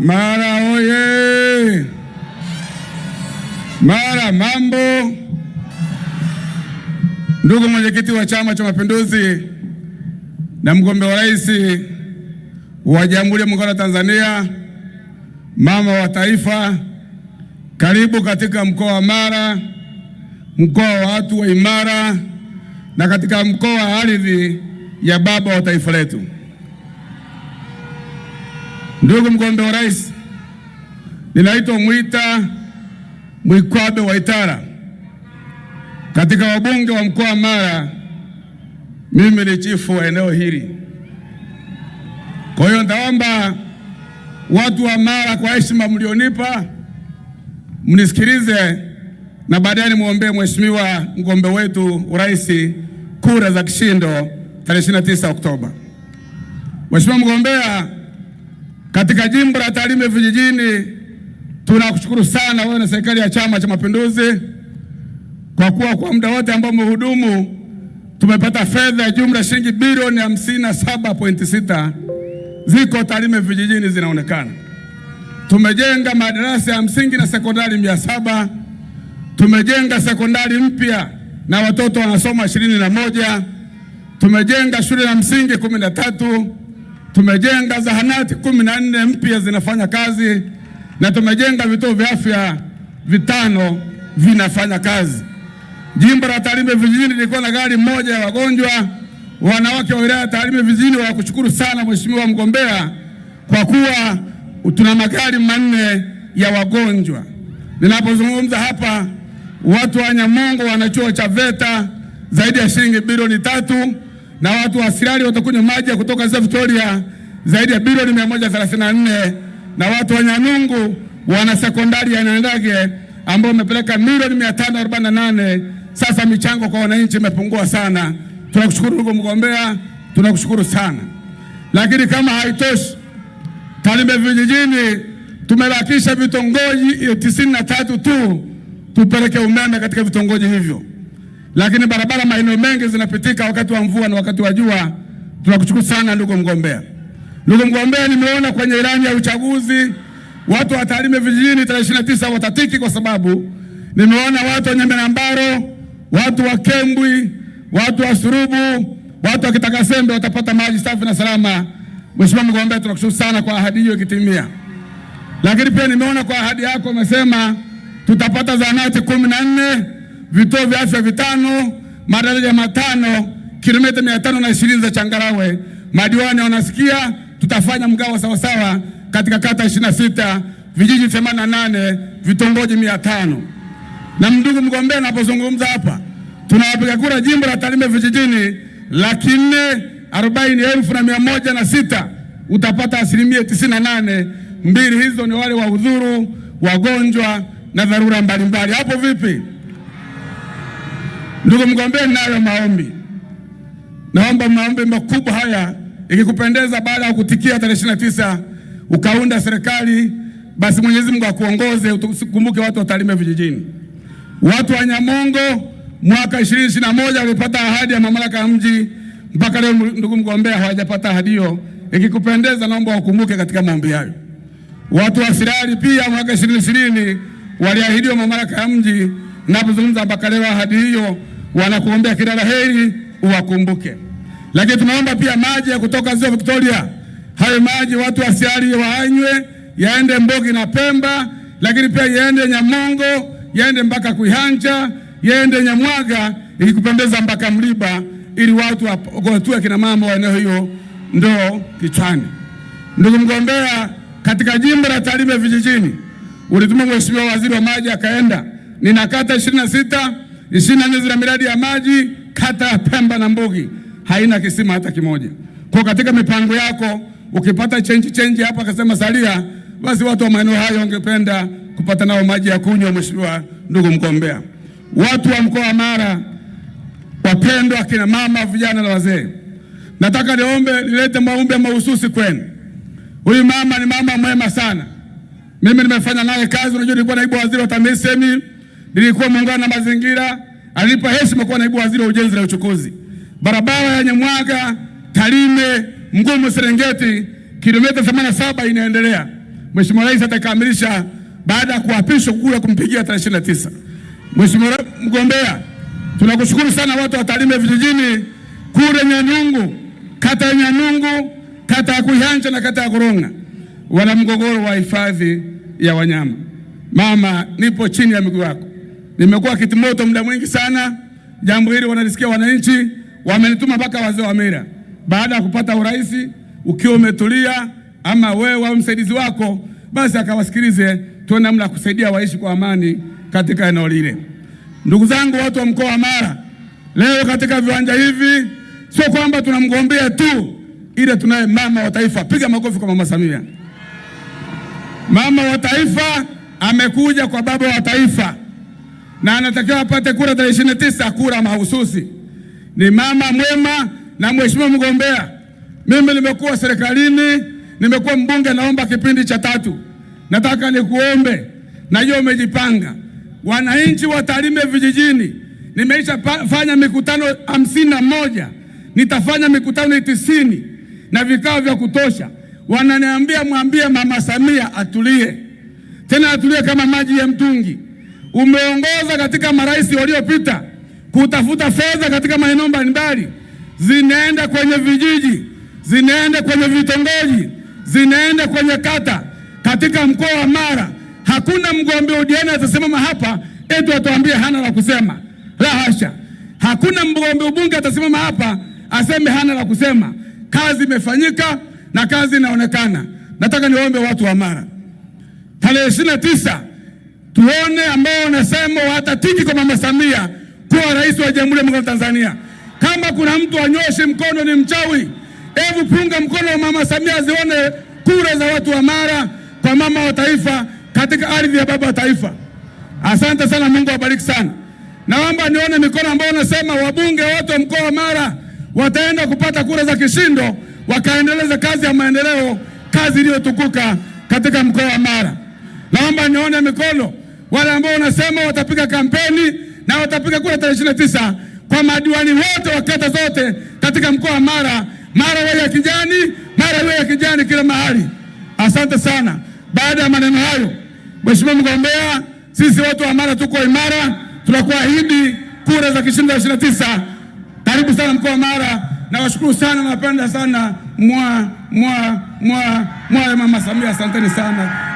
Mara oye! Mara mambo! Ndugu mwenyekiti wa Chama cha Mapinduzi na mgombea wa rais wa Jamhuri ya Muungano wa Tanzania, mama wa taifa, karibu katika mkoa wa Mara, mkoa wa watu wa imara, na katika mkoa wa ardhi ya baba wa taifa letu. Ndugu mgombea wa rais, ninaitwa Mwita Mwikwabe wa itara Katika wabunge wa mkoa wa Mara, mimi ni chifu wa eneo hili. Kwa hiyo nitaomba watu wa Mara, kwa heshima mlionipa, mnisikilize na baadaye nimwombee mheshimiwa mgombea wetu urais kura za kishindo tarehe 29 Oktoba. Mheshimiwa mgombea katika jimbo la Tarime vijijini, tunakushukuru sana wewe na serikali ya Chama cha Mapinduzi kwa kuwa kwa muda wote ambao umehudumu tumepata fedha ya jumla shilingi bilioni 57.6 ziko Tarime vijijini zinaonekana. Tumejenga madarasa ya msingi na sekondari mia saba tumejenga sekondari mpya na watoto wanasoma ishirini na moja tumejenga shule ya msingi kumi na tatu tumejenga zahanati kumi na nne mpya zinafanya kazi na tumejenga vituo vya afya vitano vinafanya kazi. Jimbo la Tarime vijijini lilikuwa na gari moja ya wagonjwa. Wanawake wa wilaya ya Tarime vijijini wanakushukuru sana mheshimiwa mgombea, kwa kuwa tuna magari manne ya wagonjwa. Ninapozungumza hapa, watu wa Nyamongo wana chuo cha VETA zaidi ya shilingi bilioni tatu na watu wa Sirari watakunywa maji ya kutoka ziwa Victoria zaidi ya bilioni 134 na watu wa Nyanungu wana sekondari ya Nyandage ambao wamepeleka milioni 548. Sasa michango kwa wananchi imepungua sana. Tunakushukuru ndugu mgombea, tunakushukuru sana. Lakini kama haitoshi, Tarime vijijini tumebakisha vitongoji 93 tu tupeleke umeme katika vitongoji hivyo lakini barabara maeneo mengi zinapitika wakati wa mvua na wakati wa jua. Tunakushukuru sana ndugu mgombea. Ndugu mgombea, nimeona kwenye ilani ya uchaguzi watu wa Tarime vijijini tarehe 29 watatiki, kwa sababu nimeona watu wa Nyamirambaro, watu wa Kembwi, watu wa Surubu, watu wa Kitakasembe watapata maji safi na salama. Mheshimiwa mgombea, tunakushukuru sana kwa ahadi hiyo ikitimia. Lakini pia nimeona kwa ahadi yako umesema tutapata zahanati kumi na nne vituo vya afya vitano, madaraja matano, kilomita mia tano na ishirini za changarawe. Madiwani wanasikia, tutafanya mgao sawasawa katika kata sita, vijiji na nane, vitongoji mia tano. Na mdugu mgombea anapozungumza hapa, tunawapiga kura jimbo la Tarime vijijini laki nne arobaini elfu na mia moja na sita utapata asilimia tisini na nane. Mbili hizo ni wale wa udhuru, wagonjwa na dharura mbalimbali. Hapo vipi? Ndugu mgombea, ninayo maombi. Naomba maombi makubwa haya, ikikupendeza, baada ya kutikia tarehe 29 ukaunda serikali, basi Mwenyezi Mungu akuongoze, ukumbuke watu watalime vijijini. Watu wa Nyamongo mwaka 2021 walipata ahadi ya mamlaka ya mji, mpaka leo ndugu mgombea, hawajapata ahadi hiyo. Ikikupendeza, naomba wakumbuke katika maombi hayo. Watu wa Sirari pia mwaka 2020 waliahidiwa mamlaka ya mji napozungumza mpaka leo ahadi hiyo, wanakuombea kila la heri, uwakumbuke. Lakini tunaomba pia maji ya kutoka ziwa Victoria, hayo maji watu wasialie, waanywe, yaende Mbogi na Pemba, lakini pia yaende Nyamongo, yaende mpaka Kuihanja, yaende Nyamwaga, ikikupembeza mpaka Mliba, ili watu wagotue kina mama wa eneo hiyo ndo kichwani. Ndugu mgombea, katika jimbo la Tarime vijijini ulituma mheshimiwa waziri wa maji akaenda Nina kata ishirini na sita, ishirini na nne zina miradi ya maji. Kata ya Pemba na Mbugi haina kisima hata kimoja. Kwa katika mipango yako ukipata chenji chenji hapa akasema salia, basi watu wa maeneo hayo wangependa kupata nao maji ya kunywa. Mheshimiwa ndugu mgombea, watu wa mkoa wa Mara, wapendwa kina mama, vijana na wazee, nataka niombe nilete maombi mahususi kwenu. Huyu mama ni mama mwema sana, mimi nimefanya naye kazi. Unajua nilikuwa naibu waziri wa TAMISEMI nilikuwa muungano na mazingira, alinipa heshima kuwa naibu waziri wa ujenzi na uchukuzi. Barabara ya Nyamwaga Tarime Mgumu Serengeti kilomita 87 inaendelea. Mheshimiwa Rais atakamilisha baada ya kuapishwa kura kumpigia tarehe 29. Mheshimiwa mgombea, tunakushukuru sana watu wa Tarime vijijini kule Nyanungu, kata ya Nyanungu, kata ya Kuihanja na kata ya Koronga wana mgogoro wa hifadhi ya wanyama. Mama, nipo chini ya miguu yako. Nimekuwa kitimoto muda mwingi sana, jambo hili wanalisikia wananchi, wamenituma mpaka wazee wa mila. Baada ya kupata urais, ukiwa umetulia ama wewe au msaidizi wako, basi akawasikilize, tu namna ya kusaidia waishi kwa amani katika eneo lile. Ndugu zangu, watu wa mkoa wa Mara, leo katika viwanja hivi sio kwamba tunamgombea tu, ile tunaye mama wa taifa. Piga makofi kwa mama Samia. Mama wa taifa amekuja kwa baba wa taifa na anatakiwa apate kura tarehe ishirini na tisa kura mahususi. Ni mama mwema na mheshimiwa mgombea. Mimi nimekuwa serikalini, nimekuwa mbunge, naomba kipindi cha tatu. Nataka nikuombe, najua umejipanga, wananchi watalime vijijini. Nimeisha fanya mikutano hamsini na moja, nitafanya mikutano tisini na vikao vya kutosha. Wananiambia mwambie mama Samia atulie, tena atulie kama maji ya mtungi umeongoza katika marais waliopita kutafuta fedha katika maeneo mbalimbali, zinaenda kwenye vijiji, zinaenda kwenye vitongoji, zinaenda kwenye kata. Katika mkoa wa Mara hakuna mgombea udiani atasimama hapa eti watuambie hana la kusema, la hasha. Hakuna mgombea ubunge atasimama hapa aseme hana la kusema. Kazi imefanyika na kazi inaonekana. Nataka niwaombe watu wa Mara tarehe ishirini na tisa tuone ambao wanasema watatiki kwa mama Samia kuwa rais wa Jamhuri ya Muungano wa Tanzania. Kama kuna mtu anyoshe mkono ni mchawi, hebu punga mkono wa mama Samia azione kura za watu wa Mara kwa mama wa taifa katika ardhi ya baba wa taifa. Asante sana, Mungu awabariki sana. Naomba nione mikono ambayo wanasema wabunge wote wa mkoa wa Mara wataenda kupata kura za kishindo wakaendeleza kazi ya maendeleo, kazi iliyotukuka katika mkoa wa Mara. Naomba nione mikono wale ambao wanasema watapiga kampeni na watapiga kura tarehe ishirini na tisa kwa madiwani wote wa kata zote katika mkoa wa Mara. Mara wale ya kijani, Mara wale ya kijani kila mahali. Asante sana. Baada ya maneno hayo, Mheshimiwa mgombea, sisi watu wa Mara tuko imara, tunakuahidi kura za kishindo ishirini na tisa. Karibu sana mkoa wa Mara. Nawashukuru sana, napenda sana mwa mwa mwa mwa Mama Samia, asanteni sana.